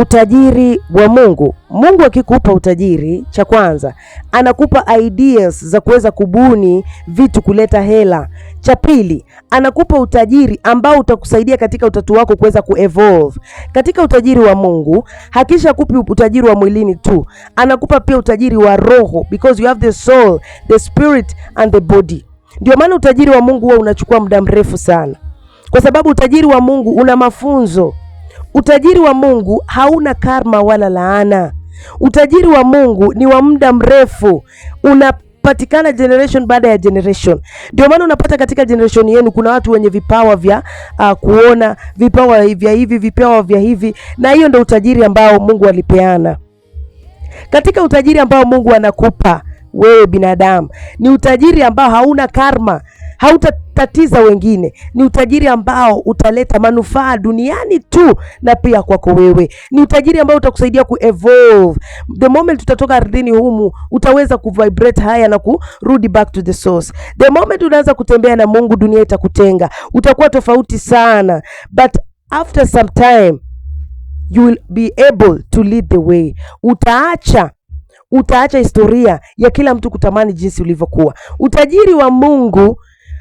utajiri wa Mungu. Mungu akikupa utajiri, cha kwanza anakupa ideas za kuweza kubuni vitu kuleta hela. Cha pili anakupa utajiri ambao utakusaidia katika utatu wako kuweza kuevolve katika utajiri wa Mungu. Hakisha kupi utajiri wa mwilini tu, anakupa pia utajiri wa roho, because you have the soul, the spirit and the body. Ndio maana utajiri wa Mungu huwa unachukua muda mrefu sana, kwa sababu utajiri wa Mungu una mafunzo Utajiri wa Mungu hauna karma wala laana. Utajiri wa Mungu ni wa muda mrefu, unapatikana generation baada ya generation. Ndio maana unapata katika generation yenu kuna watu wenye vipawa vya uh, kuona, vipawa vya hivi, vipawa vya hivi, na hiyo ndio utajiri ambao Mungu alipeana. Katika utajiri ambao Mungu anakupa wewe binadamu, ni utajiri ambao hauna karma, hauta kutatiza wengine. Ni utajiri ambao utaleta manufaa duniani tu na pia kwako wewe. Ni utajiri ambao utakusaidia ku evolve. The moment utatoka ardhini humu, utaweza ku vibrate haya na kurudi back to the source. The moment unaanza kutembea na Mungu, dunia itakutenga. Utakuwa tofauti sana. But after some time you will be able to lead the way. Utaacha utaacha historia ya kila mtu kutamani jinsi ulivyokuwa. Utajiri wa Mungu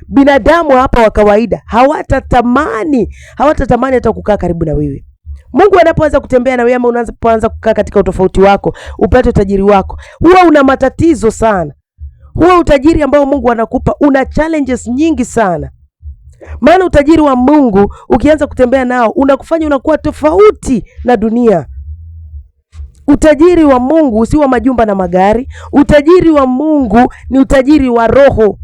binadamu hapa wa kawaida hawatatamani, hawatatamani hata kukaa karibu na wewe. Mungu anapoanza kutembea na wewe ama unapoanza kukaa katika utofauti wako, upate utajiri wako, huwa una matatizo sana. Huwa utajiri ambao Mungu anakupa una challenges nyingi sana, maana utajiri wa Mungu ukianza kutembea nao unakufanya unakuwa tofauti na dunia. Utajiri wa Mungu si wa majumba na magari. Utajiri wa Mungu ni utajiri wa roho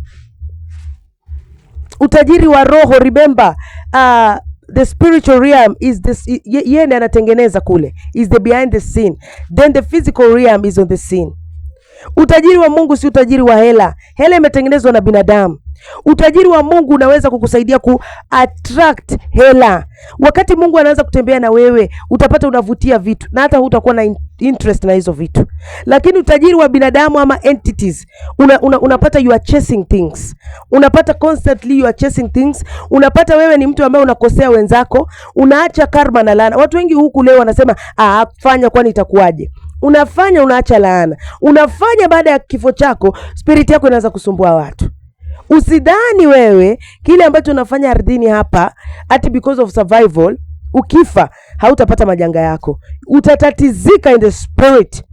utajiri wa roho. Remember, uh, the spiritual realm is this, yeye ndiye anatengeneza kule, is the behind the scene, then the physical realm is on the scene. Utajiri wa Mungu si utajiri wa hela. Hela imetengenezwa na binadamu. Utajiri wa Mungu unaweza kukusaidia ku attract hela. Wakati Mungu anaanza kutembea na wewe, utapata unavutia vitu na hata hutakuwa na interest na hizo vitu, lakini utajiri wa binadamu ama entities una, una, unapata you are chasing things, unapata constantly you are chasing things. Unapata wewe ni mtu ambaye unakosea wenzako, unaacha karma na laana. Watu wengi huku leo wanasema ah, fanya kwani itakuwaje? Unafanya, unaacha laana, unafanya. Baada ya kifo chako spirit yako inaanza kusumbua watu. Usidhani wewe kile ambacho unafanya ardhini hapa ati because of survival ukifa hautapata majanga yako, utatatizika in the spirit.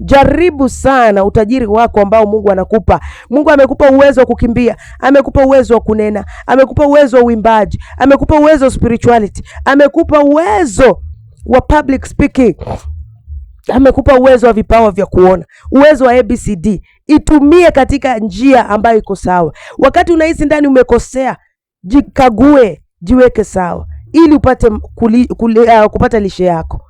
Jaribu sana utajiri wako ambao Mungu anakupa. Mungu amekupa uwezo wa kukimbia, amekupa uwezo wa kunena, amekupa uwezo wa uimbaji, amekupa uwezo wa spirituality, amekupa uwezo wa public speaking, amekupa uwezo wa vipawa vya kuona, uwezo wa ABCD. Itumie katika njia ambayo iko sawa. Wakati unahisi ndani umekosea, jikague, jiweke sawa ili upate kuli, kuli, uh, kupata lishe yako.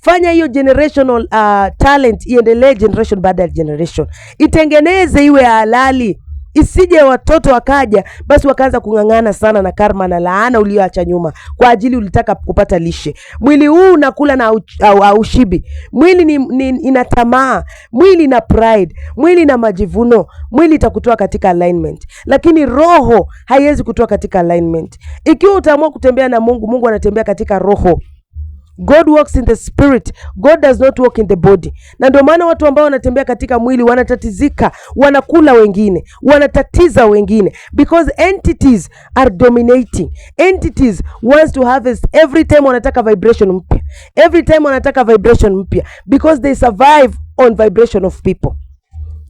Fanya hiyo generational uh, talent iendelee generation baada ya generation, itengeneze iwe halali. Isije watoto wakaja basi wakaanza kung'ang'ana sana na karma na laana ulioacha nyuma, kwa ajili ulitaka kupata lishe. Mwili huu unakula na aushibi, mwili ni, ni, ina tamaa, mwili ina pride, mwili na majivuno, mwili itakutoa katika alignment, lakini roho haiwezi kutoa katika alignment. Ikiwa utaamua kutembea na Mungu, Mungu anatembea katika roho. God works in the spirit. God does not work in the body. Na ndio maana watu ambao wanatembea katika mwili wanatatizika, wanakula wengine, wanatatiza wengine because entities are dominating. Entities wants to harvest every time wanataka vibration mpya. Every time wanataka vibration mpya because they survive on vibration of people.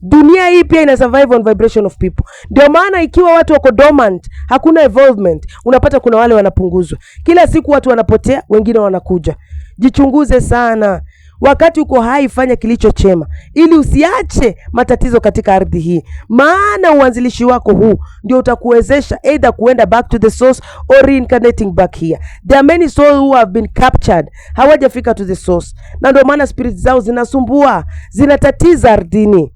Dunia hii pia ina survive on vibration of people. Ndio maana ikiwa watu wako dormant, hakuna evolvement, unapata kuna wale wanapunguzwa kila siku, watu wanapotea, wengine wanakuja. Jichunguze sana, wakati uko hai, fanya kilicho chema ili usiache matatizo katika ardhi hii, maana uanzilishi wako huu ndio utakuwezesha either kuenda back to the source or reincarnating back here. There are many souls who have been captured, hawajafika to the source, na ndio maana spirit zao zinasumbua, zinatatiza ardhini.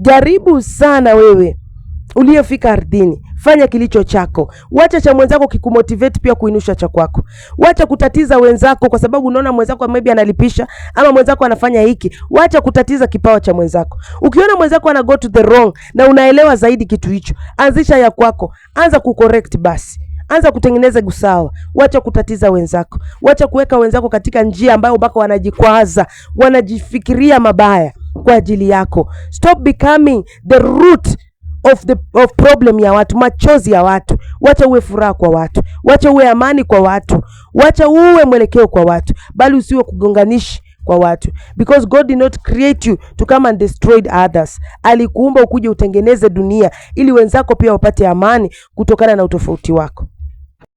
Jaribu sana wewe uliyefika ardhini, fanya kilicho chako, wacha cha mwenzako kikumotivate pia kuinusha cha kwako. Wacha kutatiza wenzako kwa sababu unaona mwenzako maybe analipisha ama mwenzako anafanya hiki. Wacha kutatiza kipawa cha mwenzako. Ukiona mwenzako ana go to the wrong na unaelewa zaidi kitu hicho, anzisha ya kwako, anza kucorrect basi Anza kutengeneza usawa, wacha kutatiza wenzako, wacha kuweka wenzako katika njia ambayo mpaka wanajikwaza, wanajifikiria mabaya kwa ajili yako. Stop becoming the root of the of problem ya watu, machozi ya watu. Wacha uwe furaha kwa watu, wacha uwe amani kwa watu, wacha uwe mwelekeo kwa watu, bali usiwe kugonganishi kwa watu because God did not create you to come and destroy others. Alikuumba ukuje utengeneze dunia ili wenzako pia wapate amani kutokana na utofauti wako.